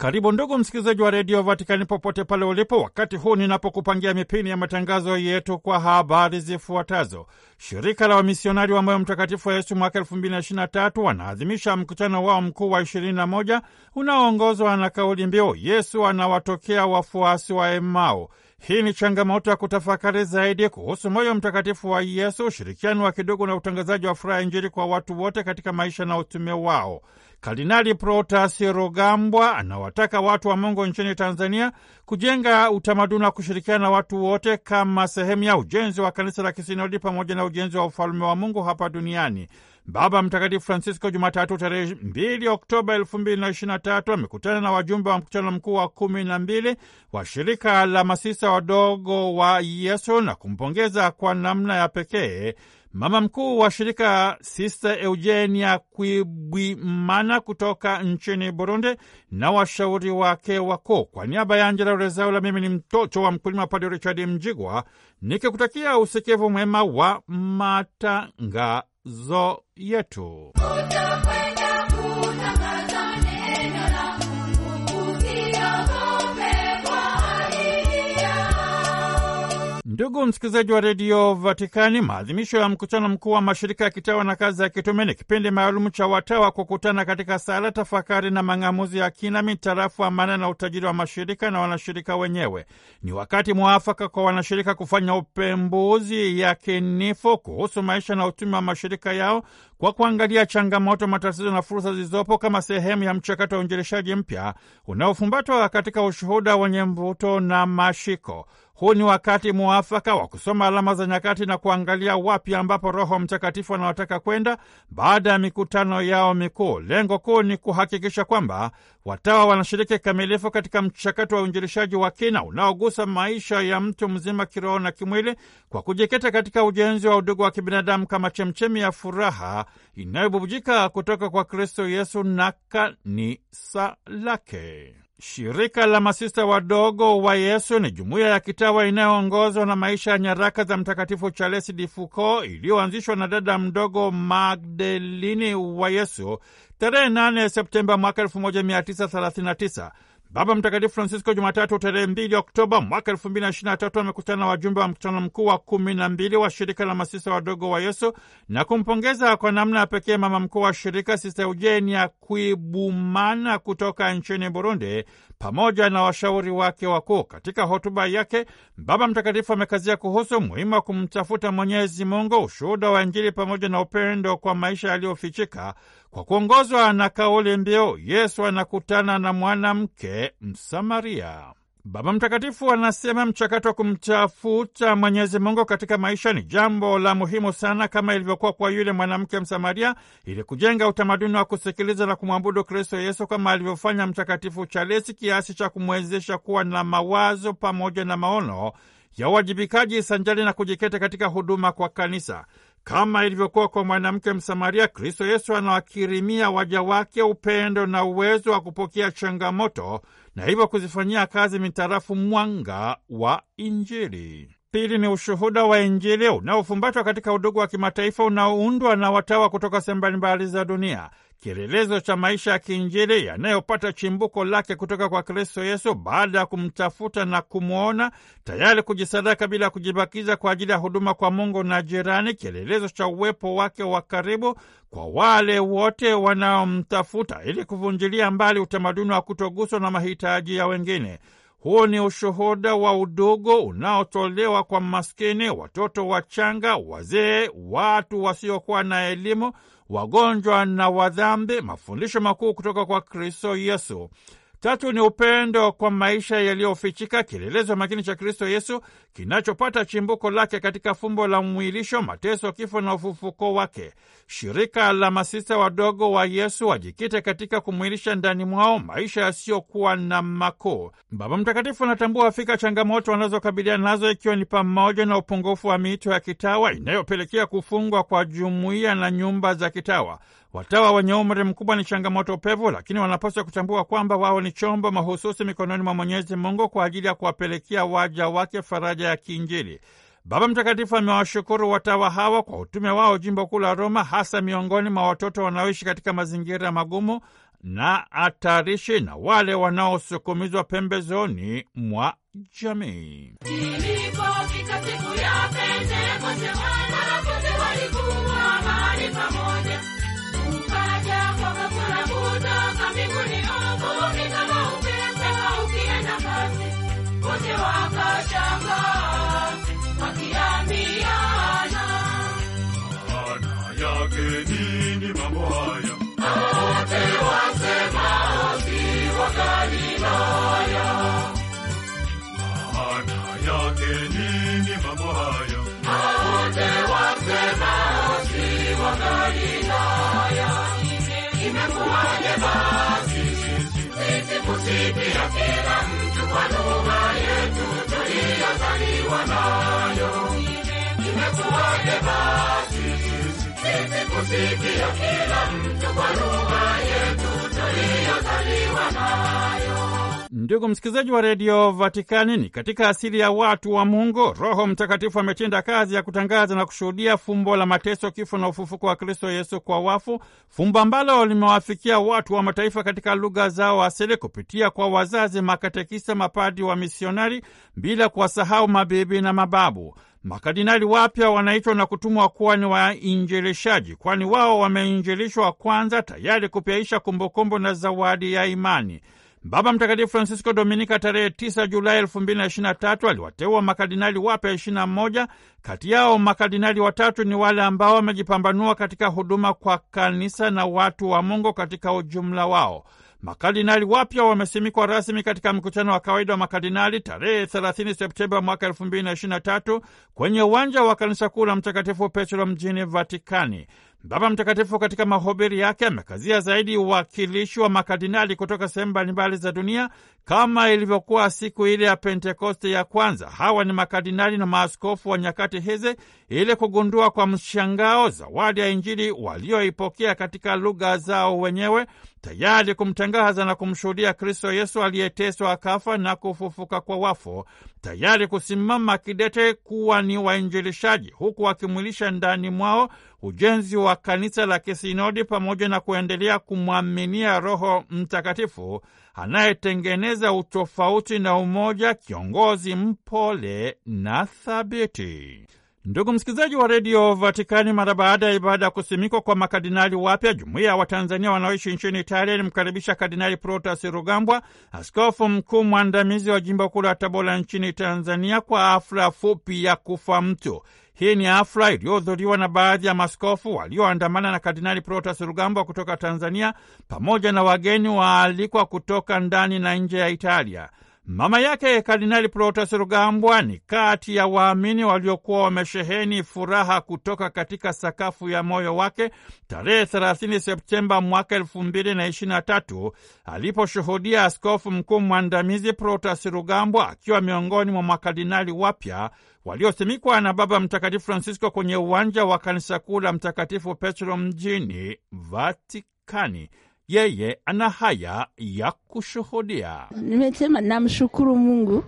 Karibu ndugu msikilizaji wa redio Vatikani popote pale ulipo, wakati huu ninapokupangia mipini ya matangazo yetu kwa habari zifuatazo. Shirika la wamisionari wa moyo mtakatifu wa Yesu mwaka elfu mbili na ishirini na tatu wanaadhimisha mkutano wao mkuu wa ishirini na moja unaoongozwa na kauli mbiu Yesu anawatokea wafuasi wa Emao. Hii ni changamoto ya kutafakari zaidi kuhusu moyo mtakatifu wa Yesu, ushirikiano wa kidogo na utangazaji wa furaha ya Injili kwa watu wote katika maisha na utume wao. Kardinali Protas Rugambwa anawataka watu wa Mungu nchini Tanzania kujenga utamaduni wa kushirikiana na watu wote kama sehemu ya ujenzi wa kanisa la kisinodi pamoja na ujenzi wa ufalme wa Mungu hapa duniani. Baba Mtakatifu Francisco Jumatatu tarehe 2 Oktoba 2023 amekutana na wajumbe wa mkutano mkuu wa kumi na mbili wa shirika la masisa wadogo wa Yesu na kumpongeza kwa namna ya pekee Mama mkuu wa shirika Sister Eugenia Kwibwimana kutoka nchini Burundi na washauri wake wakuu. Kwa niaba ya Angela Rezaula, mimi ni mtoto wa mkulima Padre Richard Mjigwa, nikikutakia usikivu mwema wa matangazo yetu. Ndugu msikilizaji wa redio Vatikani, maadhimisho ya mkutano mkuu wa mashirika ya kitawa na kazi ya kitume ni kipindi maalum cha watawa kukutana katika sala, tafakari na mang'amuzi ya kina mitarafu amana na utajiri wa mashirika na wanashirika wenyewe. Ni wakati mwafaka kwa wanashirika kufanya upembuzi yakinifu kuhusu maisha na utumi wa mashirika yao kwa kuangalia changamoto, matatizo na fursa zilizopo kama sehemu ya mchakato wa uinjilishaji mpya unaofumbatwa katika ushuhuda wenye mvuto na mashiko. Huu ni wakati muafaka wa kusoma alama za nyakati na kuangalia wapi ambapo Roho Mtakatifu anawataka kwenda baada ya mikutano yao mikuu. Lengo kuu ni kuhakikisha kwamba watawa wanashiriki kikamilifu katika mchakato wa uinjilishaji wa kina unaogusa maisha ya mtu mzima kiroho na kimwili, kwa kujikita katika ujenzi wa udugu wa kibinadamu kama chemchemi ya furaha inayobubujika kutoka kwa Kristo Yesu na kanisa lake. Shirika la Masista Wadogo wa Yesu ni jumuiya ya kitawa inayoongozwa na maisha ya nyaraka za Mtakatifu Charles de Foucault, iliyoanzishwa na dada mdogo magdelini wa Yesu tarehe 8 Septemba mwaka 1939. Baba Mtakatifu Francisco Jumatatu tarehe 2 Oktoba mwaka 2023 amekutana na wajumbe wa mkutano mkuu wa kumi na mbili wa shirika la masista wadogo wa Yesu na kumpongeza kwa namna ya pekee mama mkuu wa shirika Sista Eugenia Kwibumana kutoka nchini Burundi pamoja na washauri wake wakuu. Katika hotuba yake, Baba Mtakatifu amekazia kuhusu umuhimu wa kumtafuta Mwenyezi Mungu, ushuhuda wa Injili pamoja na upendo kwa maisha yaliyofichika. Kwa kuongozwa na kauli mbiu Yesu anakutana na mwanamke Msamaria. Baba Mtakatifu anasema mchakato wa kumtafuta Mwenyezi Mungu katika maisha ni jambo la muhimu sana, kama ilivyokuwa kwa yule mwanamke Msamaria, ili kujenga utamaduni wa kusikiliza na kumwabudu Kristo Yesu kama alivyofanya Mtakatifu Chalesi, kiasi cha kumwezesha kuwa na mawazo pamoja na maono ya uwajibikaji sanjari na kujikita katika huduma kwa kanisa. Kama ilivyokuwa kwa mwanamke Msamaria, Kristo Yesu anawakirimia waja wake upendo na uwezo wa kupokea changamoto na hivyo kuzifanyia kazi mitarafu mwanga wa Injili. Pili ni ushuhuda wa Injili unaofumbatwa katika udugu wa kimataifa unaoundwa na watawa kutoka sehemu mbalimbali za dunia, kielelezo cha maisha ya kiinjili yanayopata chimbuko lake kutoka kwa Kristo Yesu baada ya kumtafuta na kumwona, tayari kujisadaka bila kujibakiza kwa ajili ya huduma kwa Mungu na jirani, kielelezo cha uwepo wake wa karibu kwa wale wote wanaomtafuta, ili kuvunjilia mbali utamaduni wa kutoguswa na mahitaji ya wengine. Huu ni ushuhuda wa udugu unaotolewa kwa maskini, watoto wachanga, wazee, watu wasiokuwa na elimu, wagonjwa na wadhambi, mafundisho makuu kutoka kwa Kristo Yesu. Tatu ni upendo kwa maisha yaliyofichika, kielelezo makini cha Kristo Yesu kinachopata chimbuko lake katika fumbo la mwilisho, mateso, kifo na ufufuko wake. Shirika la masista wadogo wa Yesu wajikite katika kumwilisha ndani mwao maisha yasiyokuwa na makuu. Baba Mtakatifu anatambua afika changamoto wanazokabiliana nazo, ikiwa ni pamoja na upungufu wa miito ya kitawa inayopelekea kufungwa kwa jumuiya na nyumba za kitawa. Watawa wenye umri mkubwa ni changamoto pevu, lakini wanapaswa kutambua kwamba wao ni chombo mahususi mikononi mwa Mwenyezi Mungu kwa ajili ya kuwapelekea waja wake faraja ya kiinjili. Baba Mtakatifu amewashukuru watawa hawa kwa utume wao jimbo kuu la Roma, hasa miongoni mwa watoto wanaoishi katika mazingira magumu na hatarishi na wale wanaosukumizwa pembezoni mwa jamii. wakashangaa wakiambiana, maana yake nini mambo haya? Wote wasemao si Wagalilaya. Maana yake nini mambo haya? Wote wasemao si Wagalilaya. Imekuwaje basi sisi kusipia kila mtu kwa lugha yetu? tumezaliwa nayo, imekuwaje basi sisi kusikia kila mtu kwa lugha yetu tuliyozaliwa nayo? Ndugu msikilizaji wa redio Vatikani, ni katika asili ya watu wa Mungu Roho Mtakatifu ametenda kazi ya kutangaza na kushuhudia fumbo la mateso, kifo na ufufuko wa Kristo Yesu kwa wafu, fumbo ambalo limewafikia watu wa mataifa katika lugha zao asili kupitia kwa wazazi, makatekisa, mapadi wa misionari, bila kuwasahau mabibi na mababu. Makardinali wapya wanaitwa na kutumwa kuwa ni wainjilishaji, kwani wao wameinjilishwa kwanza, tayari kupyaisha kumbukumbu na zawadi ya imani. Baba Mtakatifu Francisco Dominika tarehe 9 Julai 2023 aliwateua makardinali wapya 21. Kati yao makardinali watatu ni wale ambao wamejipambanua katika huduma kwa kanisa na watu wa Mungu katika ujumla wao. Makardinali wapya wamesimikwa rasmi katika mkutano wa kawaida wa makardinali tarehe 30 Septemba mwaka 2023 kwenye uwanja wa kanisa kuu la Mtakatifu Petro mjini Vatikani. Baba Mtakatifu katika mahubiri yake amekazia zaidi uwakilishi wa makardinali kutoka sehemu mbalimbali za dunia kama ilivyokuwa siku ile ya Pentekoste ya kwanza. Hawa ni makardinali na maaskofu wa nyakati hizi, ili kugundua kwa mshangao zawadi ya Injili walioipokea katika lugha zao wenyewe tayari kumtangaza na kumshuhudia Kristo Yesu aliyeteswa akafa na kufufuka kwa wafu, tayari kusimama kidete kuwa ni wainjilishaji, huku wakimwilisha ndani mwao ujenzi wa kanisa la kisinodi pamoja na kuendelea kumwaminia Roho Mtakatifu anayetengeneza utofauti na umoja, kiongozi mpole na thabiti. Ndugu msikilizaji wa redio Vatikani, mara baada ya ibada ya kusimikwa kwa makardinali wapya, jumuiya ya Watanzania wanaoishi nchini Italia ilimkaribisha Kardinali Protas Rugambwa, askofu mkuu mwandamizi wa jimbo kuu la Tabora nchini Tanzania, kwa afra fupi ya kufa mtu. Hii ni afra iliyohudhuriwa na baadhi ya maskofu walioandamana na Kardinali Protas Rugambwa kutoka Tanzania pamoja na wageni waalikwa kutoka ndani na nje ya Italia. Mama yake Kardinali Protase Rugambwa ni kati ya waamini waliokuwa wamesheheni furaha kutoka katika sakafu ya moyo wake tarehe 30 Septemba mwaka elfu mbili na ishirini na tatu aliposhuhudia askofu mkuu mwandamizi Protase Rugambwa akiwa miongoni mwa makardinali wapya waliosimikwa na Baba Mtakatifu Francisco kwenye uwanja wa kanisa kuu la Mtakatifu Petro mjini Vatikani yeye ana haya ya kushuhudia. Nimesema namshukuru Mungu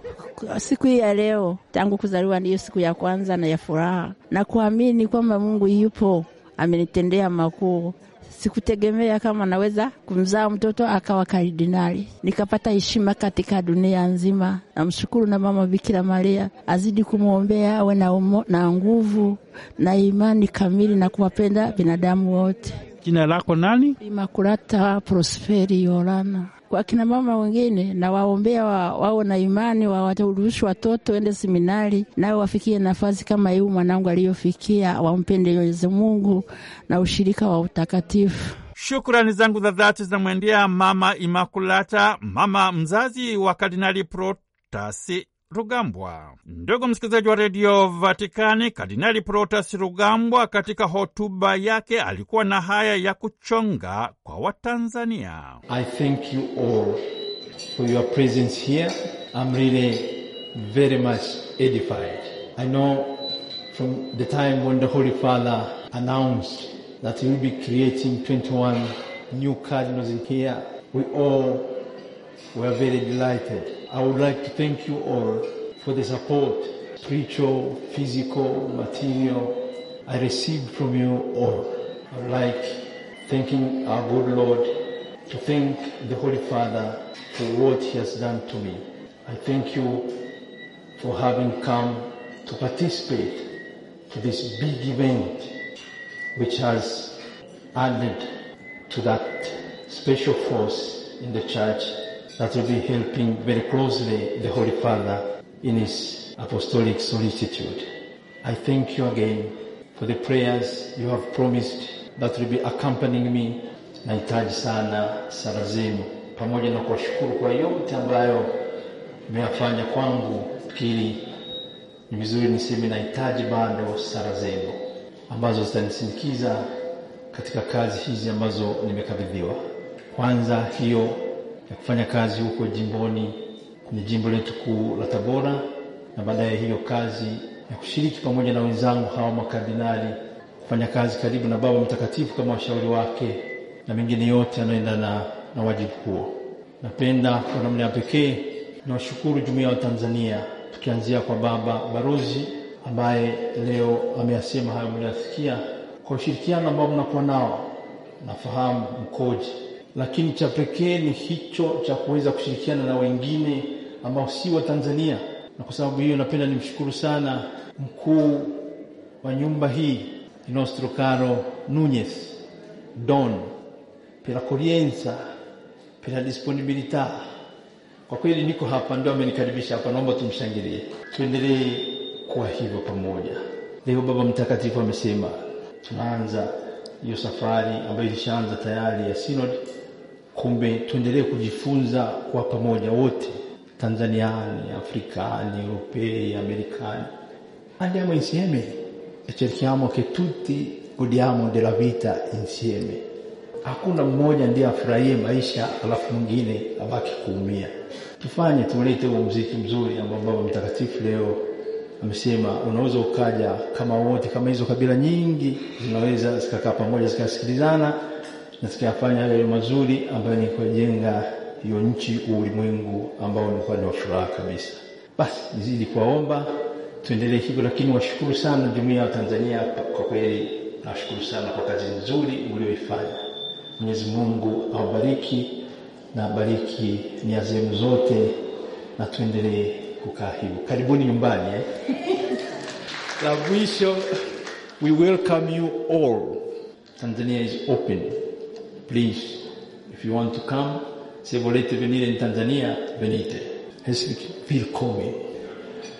siku hii ya leo, tangu kuzaliwa ndiyo siku ya kwanza na ya furaha na kuamini kwamba Mungu yupo, amenitendea makuu. Sikutegemea kama naweza kumzaa mtoto akawa kardinali, nikapata heshima katika dunia nzima. Namshukuru na mama Bikira Maria, azidi kumwombea awe na, na nguvu na imani kamili na kuwapenda binadamu wote. Jina lako nani? Imakulata Prosperi Yolana. Kwa kina mama wengine na waombea wa, wao na imani wawaruhusu watoto ende seminari, nao wafikie nafasi kama hiyo mwanangu aliyofikia, wampende Mwenyezi Mungu na ushirika wa utakatifu. Shukrani zangu za dhati zinamwendea Mama Imakulata, mama mzazi wa Kardinali Protasi Rugambwa. Ndugu msikilizaji wa redio Vatikani, Kardinali Protasi Rugambwa katika hotuba yake alikuwa na haya ya kuchonga kwa Watanzania. I thank you all for your presence here. I'm really very much edified. I know from the time when the Holy Father announced that he will be creating 21 new cardinals in here, we all were very delighted. I would like to thank you all for the support, spiritual, physical, material, I received from you all. I would like thanking our good Lord, to thank the Holy Father for what he has done to me. I thank you for having come to participate to this big event which has added to that special force in the church that will be helping very closely the Holy Father in his apostolic solicitude. I thank you again for the prayers you have promised that will be accompanying me. Nahitaji sana sala zenu pamoja na kuwashukuru kwa yote ambayo mmeyafanya kwangu. fikiri ni vizuri niseme nahitaji bado sala zenu ambazo zitanisindikiza katika kazi hizi ambazo nimekabidhiwa. Kwanza hiyo ya kufanya kazi huko jimboni kwenye jimbo letu kuu la Tabora, na baadaye hiyo kazi ya kushiriki pamoja na wenzangu hawa makardinali kufanya kazi karibu na Baba Mtakatifu kama washauri wake na mengine yote yanayoendana na wajibu huo. Napenda kwa namna ya pekee washukuru jumuiya ya Tanzania, tukianzia kwa Baba Barozi ambaye leo ameyasema hayo mliyasikia, kwa ushirikiano ambao mnakuwa nao, nafahamu mkoji lakini cha pekee ni hicho cha kuweza kushirikiana na wengine ambao si wa Tanzania. Na kwa sababu hiyo, napenda nimshukuru sana mkuu wa nyumba hii Nostro Caro Nunez Don per l'accoglienza per la disponibilità. Kwa kweli niko hapa, ndio amenikaribisha hapa, naomba tumshangilie, tuendelee kuwa hivyo pamoja. Leo Baba Mtakatifu amesema tunaanza hiyo safari ambayo ilishaanza tayari ya synod Kumbe tuendelee kujifunza kwa pamoja wote, Tanzaniani, Afrikani, Europei, Amerikani. Andiamo insieme e cerchiamo che tutti godiamo della vita insieme. Hakuna mmoja ndiye afurahie maisha alafu mwingine abaki kuumia. Tufanye tuulete huo mziki mzuri ambao Baba Mtakatifu leo amesema unaweza ukaja kama wote, kama hizo kabila nyingi zinaweza zikakaa pamoja zikasikilizana na tutayafanya yale mazuri ambayo ni kujenga hiyo nchi, ulimwengu ambao unakuwa ni wa furaha kabisa. Basi nizidi kuwaomba tuendelee hivyo, lakini washukuru sana jumuiya ya Tanzania. Kwa kweli nawashukuru sana kwa kazi nzuri mlioifanya. Mwenyezi Mungu awabariki na bariki nia zenu zote, na tuendelee kukaa hivyo. Karibuni nyumbani eh? La mwisho, we welcome you all. Tanzania is open please if you want to come se volete venire in Tanzania venite as feel come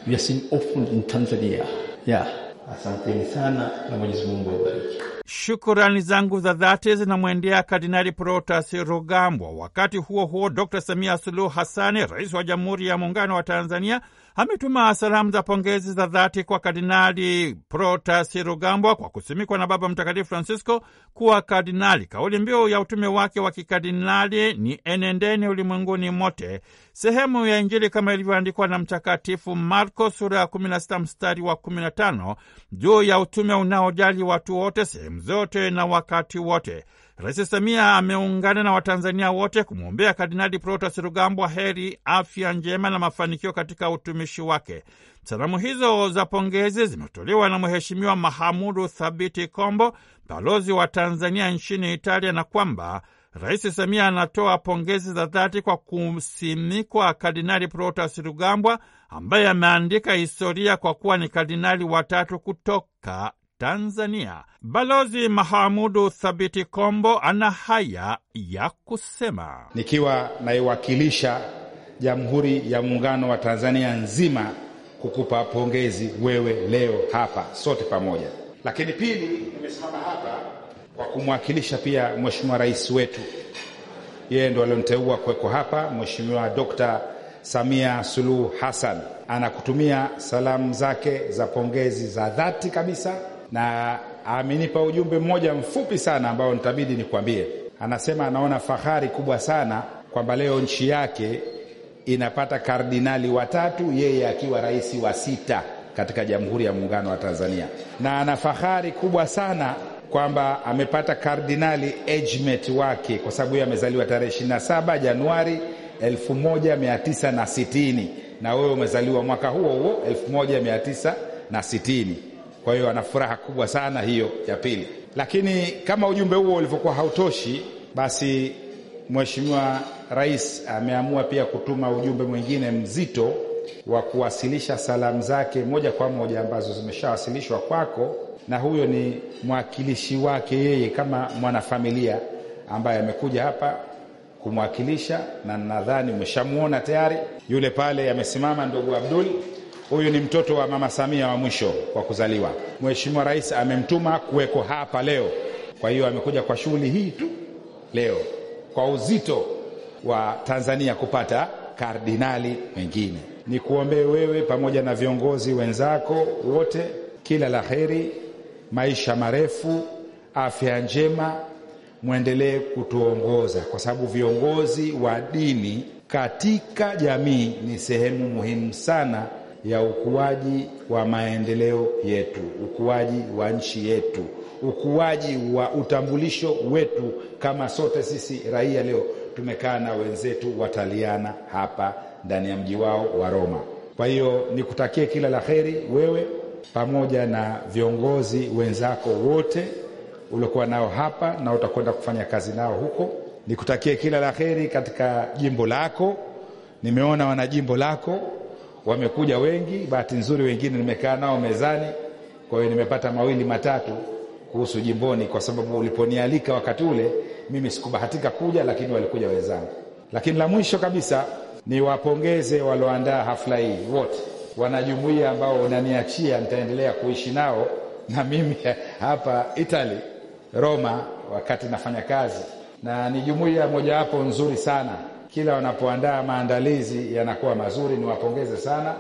we are seen often in Tanzania yeah asanteni sana na Mwenyezi Mungu awabariki Shukurani zangu za dhati zinamwendea Kardinali Protas Rugambwa. Wakati huo huo, Dr Samia Suluhu Hassani, rais wa Jamhuri ya Muungano wa Tanzania, ametuma salamu za pongezi za dhati kwa Kardinali Protasi Rugambwa kwa kusimikwa na Baba Mtakatifu Francisco kuwa kardinali. Kauli mbiu ya utume wake wa kikardinali ni enendeni ulimwenguni mote, sehemu ya Injili kama ilivyoandikwa na Mtakatifu Marko sura ya 16 mstari wa 15 juu ya utume unaojali watu wote, sehemu zote na wakati wote. Rais Samia ameungana na Watanzania wote kumwombea Kardinali Protas Rugambwa heri, afya njema na mafanikio katika utumishi wake. Salamu hizo za pongezi zimetolewa na Mheshimiwa Mahamudu Thabiti Kombo, balozi wa Tanzania nchini Italia, na kwamba Rais Samia anatoa pongezi za dhati kwa kusimikwa Kardinali Protas Rugambwa ambaye ameandika historia kwa kuwa ni kardinali watatu kutoka Tanzania. Balozi Mahamudu Thabiti Kombo ana haya ya kusema: nikiwa naiwakilisha Jamhuri ya Muungano wa Tanzania nzima kukupa pongezi wewe leo hapa sote pamoja, lakini pili, nimesimama hapa kwa kumwakilisha pia Mheshimiwa Rais wetu, yeye ndo alionteua kuweko hapa, Mheshimiwa Dr. Samia Suluhu Hassan anakutumia salamu zake za pongezi za dhati kabisa na amenipa ujumbe mmoja mfupi sana ambao nitabidi nikwambie. Anasema anaona fahari kubwa sana kwamba leo nchi yake inapata kardinali watatu, yeye akiwa rais wa sita katika Jamhuri ya Muungano wa Tanzania, na ana fahari kubwa sana kwamba amepata kardinali ejmet wake, kwa sababu yeye amezaliwa tarehe 27 Januari 1960 na wewe umezaliwa mwaka huo huo 1960. Kwa hiyo ana furaha kubwa sana hiyo ya pili. Lakini kama ujumbe huo ulivyokuwa hautoshi, basi Mheshimiwa Rais ameamua pia kutuma ujumbe mwingine mzito wa kuwasilisha salamu zake moja kwa moja ambazo zimeshawasilishwa kwako, na huyo ni mwakilishi wake yeye kama mwanafamilia ambaye amekuja hapa kumwakilisha, na nadhani umeshamwona tayari, yule pale amesimama ndugu Abdul Huyu ni mtoto wa mama Samia wa mwisho kwa kuzaliwa. Mheshimiwa Rais amemtuma kuweko hapa leo, kwa hiyo amekuja kwa shughuli hii tu leo, kwa uzito wa Tanzania kupata kardinali wengine. Nikuombee wewe pamoja na viongozi wenzako wote kila la heri, maisha marefu, afya njema, mwendelee kutuongoza kwa sababu viongozi wa dini katika jamii ni sehemu muhimu sana ya ukuaji wa maendeleo yetu, ukuaji wa nchi yetu, ukuaji wa utambulisho wetu. Kama sote sisi raia leo tumekaa na wenzetu Wataliana hapa ndani ya mji wao wa Roma. Kwa hiyo nikutakie kila la heri wewe pamoja na viongozi wenzako wote uliokuwa nao hapa na utakwenda kufanya kazi nao huko. Nikutakie kila la heri katika jimbo lako. Nimeona wana jimbo lako Wamekuja wengi, bahati nzuri wengine nimekaa nao mezani, kwa hiyo nimepata mawili matatu kuhusu jimboni, kwa sababu uliponialika wakati ule mimi sikubahatika kuja, lakini walikuja wenzangu. Lakini la mwisho kabisa ni wapongeze walioandaa hafla hii wote, wanajumuia ambao unaniachia, nitaendelea kuishi nao na mimi hapa itali Roma, wakati nafanya kazi, na ni jumuia mojawapo nzuri sana kila wanapoandaa maandalizi yanakuwa mazuri. Niwapongeze sana,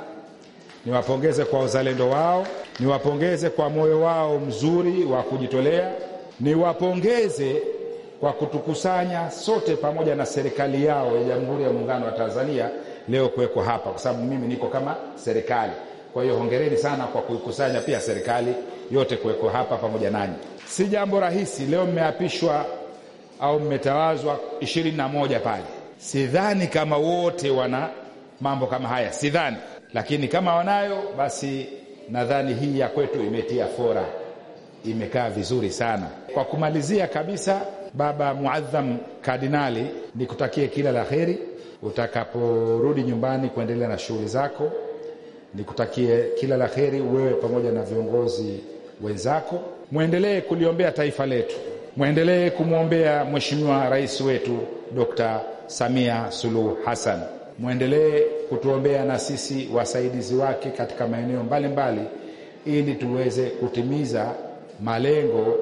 niwapongeze kwa uzalendo wao, niwapongeze kwa moyo wao mzuri wa kujitolea, niwapongeze kwa kutukusanya sote pamoja na serikali yao ya Jamhuri ya Muungano wa Tanzania leo kuwekwa hapa, kwa sababu mimi niko kama serikali. Kwa hiyo hongereni sana kwa kuikusanya pia serikali yote kuwekwa hapa pamoja nanyi. Si jambo rahisi, leo mmeapishwa au mmetawazwa ishirini na moja pale Sidhani kama wote wana mambo kama haya, sidhani, lakini kama wanayo basi nadhani hii ya kwetu imetia fora, imekaa vizuri sana. Kwa kumalizia kabisa, Baba Muadham Kardinali, nikutakie kila la heri utakaporudi nyumbani kuendelea na shughuli zako. Nikutakie kila la heri wewe pamoja na viongozi wenzako. Mwendelee kuliombea taifa letu, mwendelee kumwombea Mheshimiwa Rais wetu Dr. Samia Suluhu Hassan. Mwendelee kutuombea na sisi wasaidizi wake katika maeneo mbalimbali, ili tuweze kutimiza malengo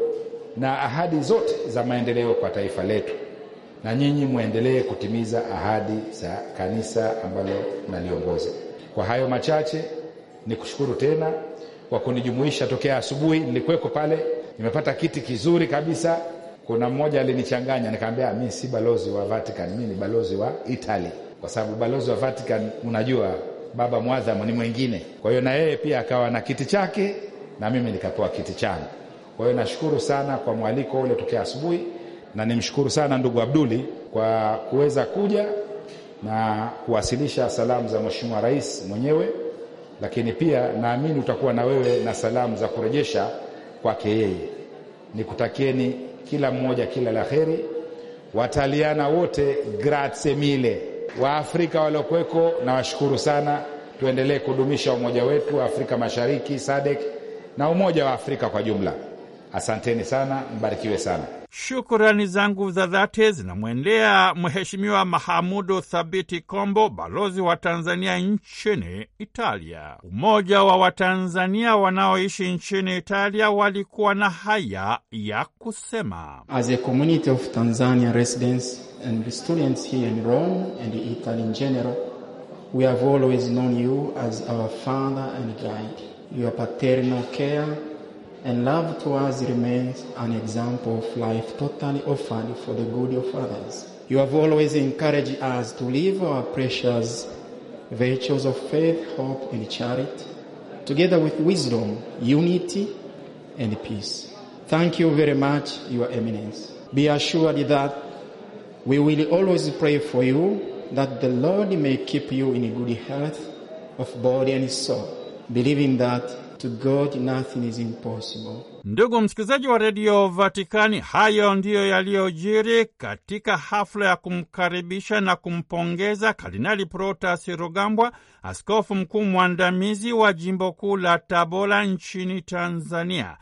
na ahadi zote za maendeleo kwa taifa letu, na nyinyi mwendelee kutimiza ahadi za kanisa ambalo naliongoza. Kwa hayo machache, ni kushukuru tena kwa kunijumuisha tokea asubuhi. Nilikuweko pale, nimepata kiti kizuri kabisa. Kuna mmoja alinichanganya, nikaambia ah, mi si balozi wa Vatican, mi ni balozi wa Italy, kwa sababu balozi wa Vatican unajua baba mwadhamu ni mwingine. Kwa hiyo na yeye pia akawa na kiti chake na mimi nikapewa kiti changu. Kwa hiyo nashukuru sana kwa mwaliko ule tokea asubuhi, na nimshukuru sana ndugu Abduli kwa kuweza kuja na kuwasilisha salamu za Mheshimiwa Rais mwenyewe, lakini pia naamini utakuwa na wewe na salamu za kurejesha kwake yeye. Nikutakieni kila mmoja kila la heri. Wataliana wote grazie mille. Waafrika waliokuweko nawashukuru sana. Tuendelee kudumisha umoja wetu Afrika Mashariki, SADC na umoja wa Afrika kwa jumla. Asanteni sana, mbarikiwe sana. Shukurani zangu za dhati zinamwendea Mheshimiwa Mahamudu Thabiti Kombo, balozi wa Tanzania nchini Italia. Umoja wa Watanzania wanaoishi nchini Italia walikuwa na haya ya kusema. As a community of Tanzania residents and students here in Rome and Italy in general, we have always known you as our father and guide. Your paternal care and love towards remains an example of life totally offered for the good of others. You have always encouraged us to live our precious virtues of faith, hope, and charity, together with wisdom, unity, and peace. Thank you very much, Your Eminence. Be assured that we will always pray for you that the Lord may keep you in good health of body and soul, believing that To God nothing is impossible. Ndugu msikilizaji wa redio Vatikani, hayo ndiyo yaliyojiri katika hafla ya kumkaribisha na kumpongeza Kardinali Protas Rugambwa, askofu mkuu mwandamizi wa jimbo kuu la Tabora nchini Tanzania.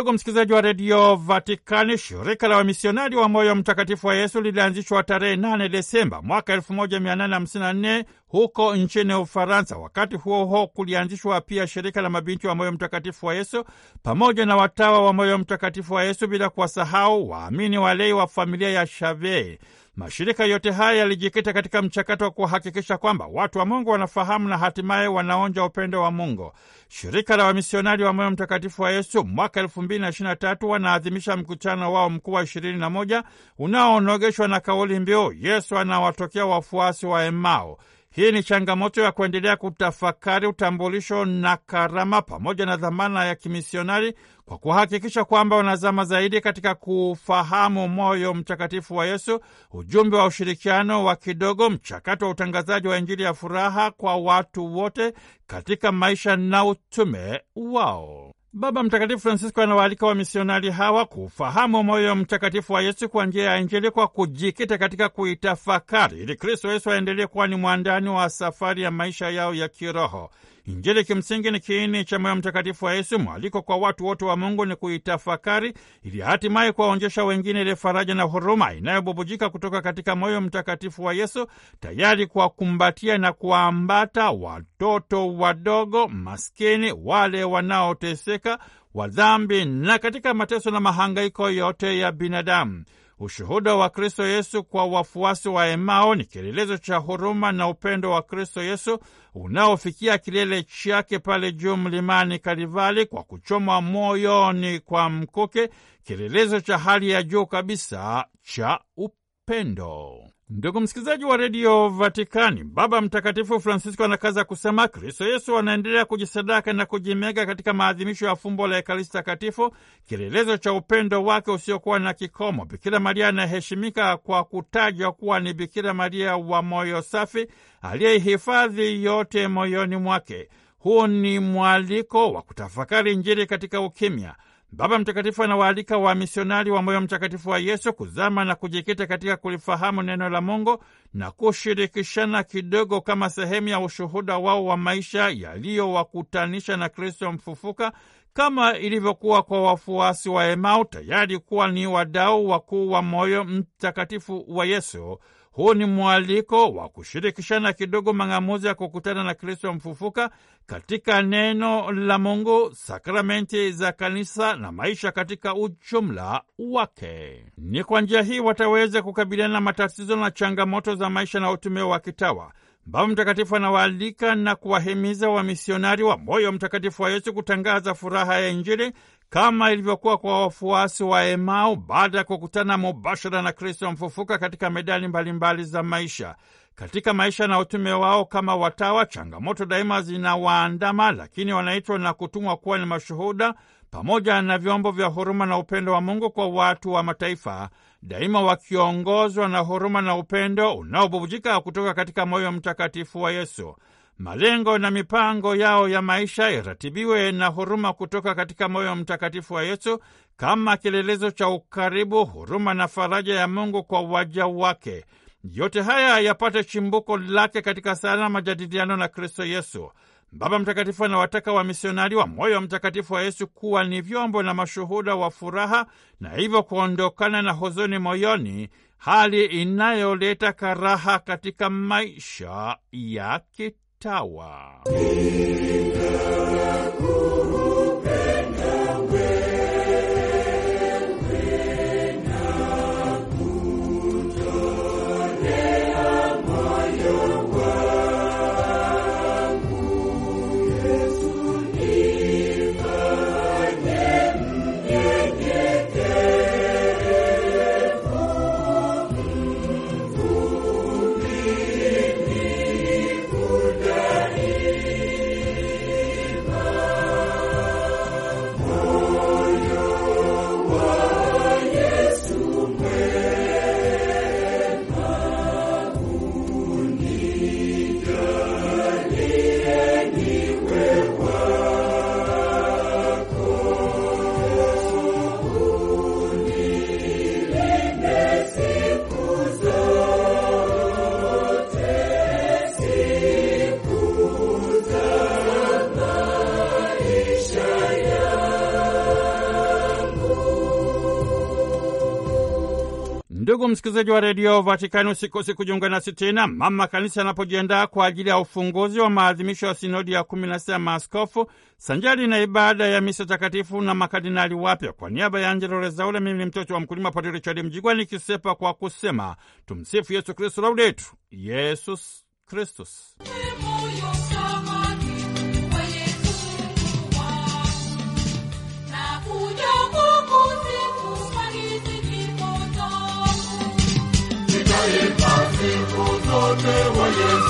Ndugu msikilizaji wa redio Vatikani, shirika la wamisionari wa moyo mtakatifu wa Yesu lilianzishwa tarehe 8 Desemba mwaka 1854 huko nchini Ufaransa. Wakati huo huo, kulianzishwa pia shirika la mabinti wa moyo mtakatifu wa Yesu pamoja na watawa wa moyo mtakatifu wa Yesu, bila kuwasahau waamini walei wa familia ya Shavei. Mashirika yote haya yalijikita katika mchakato wa kuhakikisha kwamba watu wa Mungu wanafahamu na hatimaye wanaonja upendo wa Mungu. Shirika la Wamisionari wa Moyo Mtakatifu wa Yesu mwaka elfu mbili na ishirini na tatu wanaadhimisha mkutano wao mkuu wa ishirini na moja unaonogeshwa na kauli mbiu Yesu anawatokea wafuasi wa Emao. Hii ni changamoto ya kuendelea kutafakari utambulisho na karama pamoja na dhamana ya kimisionari kwa kuhakikisha kwamba wanazama zaidi katika kuufahamu moyo mtakatifu wa Yesu, ujumbe wa ushirikiano wa kidogo, mchakato wa utangazaji wa Injili ya furaha kwa watu wote katika maisha na utume wao. Baba Mtakatifu Francisco anawaalika wamisionari hawa kufahamu moyo mtakatifu wa Yesu kwa njia ya Injili, kwa kujikita katika kuitafakari, ili Kristo Yesu aendelee kuwa ni mwandani wa safari ya maisha yao ya kiroho. Injili kimsingi ni kiini cha moyo mtakatifu wa Yesu. Mwaliko kwa watu wote wa Mungu ni kuitafakari ili hatimaye kuwaonjesha wengine ile faraja na huruma inayobubujika kutoka katika moyo mtakatifu wa Yesu, tayari kuwakumbatia na kuwaambata watoto wadogo, maskini, wale wanaoteseka wa dhambi na katika mateso na mahangaiko yote ya binadamu. Ushuhuda wa Kristo Yesu kwa wafuasi wa Emao ni kielelezo cha huruma na upendo wa Kristo Yesu unaofikia kilele chake pale juu mlimani Kalivali kwa kuchomwa moyoni kwa mkuke, kielelezo cha hali ya juu kabisa cha upendo. Ndugu msikilizaji wa redio Vatikani, Baba Mtakatifu Francisco anakaza kusema Kristo Yesu anaendelea kujisadaka na kujimega katika maadhimisho ya fumbo la Ekaristi Takatifu, kielelezo cha upendo wake usiokuwa na kikomo. Bikira Maria anaheshimika kwa kutajwa kuwa ni Bikira Maria wa moyo safi aliyehifadhi yote moyoni mwake. Huu ni mwaliko wa kutafakari Injili katika ukimya. Baba Mtakatifu anawaalika wamisionari wa moyo mtakatifu wa Yesu kuzama na kujikita katika kulifahamu neno la Mungu na kushirikishana kidogo kama sehemu ya ushuhuda wao wa maisha yaliyowakutanisha na Kristo mfufuka, kama ilivyokuwa kwa wafuasi wa Emau, tayari kuwa ni wadau wakuu wa moyo mtakatifu wa Yesu huu ni mwaliko wa kushirikishana kidogo mang'amuzi ya kukutana na Kristo mfufuka katika neno la Mungu, sakramenti za kanisa na maisha katika ujumla wake. Ni kwa njia hii wataweza kukabiliana na matatizo na changamoto za maisha na utume wa kitawa. Baba Mtakatifu anawaalika na kuwahimiza wamisionari wa moyo mtakatifu wa Yesu kutangaza furaha ya Injili kama ilivyokuwa kwa wafuasi wa Emau baada ya kukutana mubashara na Kristo mfufuka katika medani mbalimbali za maisha. Katika maisha na utume wao kama watawa, changamoto daima zinawaandama, lakini wanaitwa na kutumwa kuwa ni mashuhuda pamoja na vyombo vya huruma na upendo wa Mungu kwa watu wa mataifa, daima wakiongozwa na huruma na upendo unaobubujika kutoka katika moyo mtakatifu wa Yesu malengo na mipango yao ya maisha iratibiwe na huruma kutoka katika moyo mtakatifu wa Yesu kama kielelezo cha ukaribu, huruma na faraja ya Mungu kwa waja wake. Yote haya yapate chimbuko lake katika sala, majadiliano na Kristo Yesu. Baba Mtakatifu anawataka wamisionari wa moyo mtakatifu wa Yesu kuwa ni vyombo na mashuhuda wa furaha na hivyo kuondokana na huzuni moyoni, hali inayoleta karaha katika maisha ya Tawa. Ndugu msikilizaji wa redio Vatikani, usikose kujiunga nasi tena mama kanisa anapojiandaa kwa ajili ya ufunguzi wa maadhimisho ya sinodi ya kumi na sita ya maaskofu sanjari na ibada ya misa takatifu na makardinali wapya. Kwa niaba ya Angelo Rezaula, mimi ni mtoto wa mkulima Padre Richard Mjigwa nikisepa kwa kusema tumsifu Yesu Kristu, laudetu Yesus Kristus. wote walio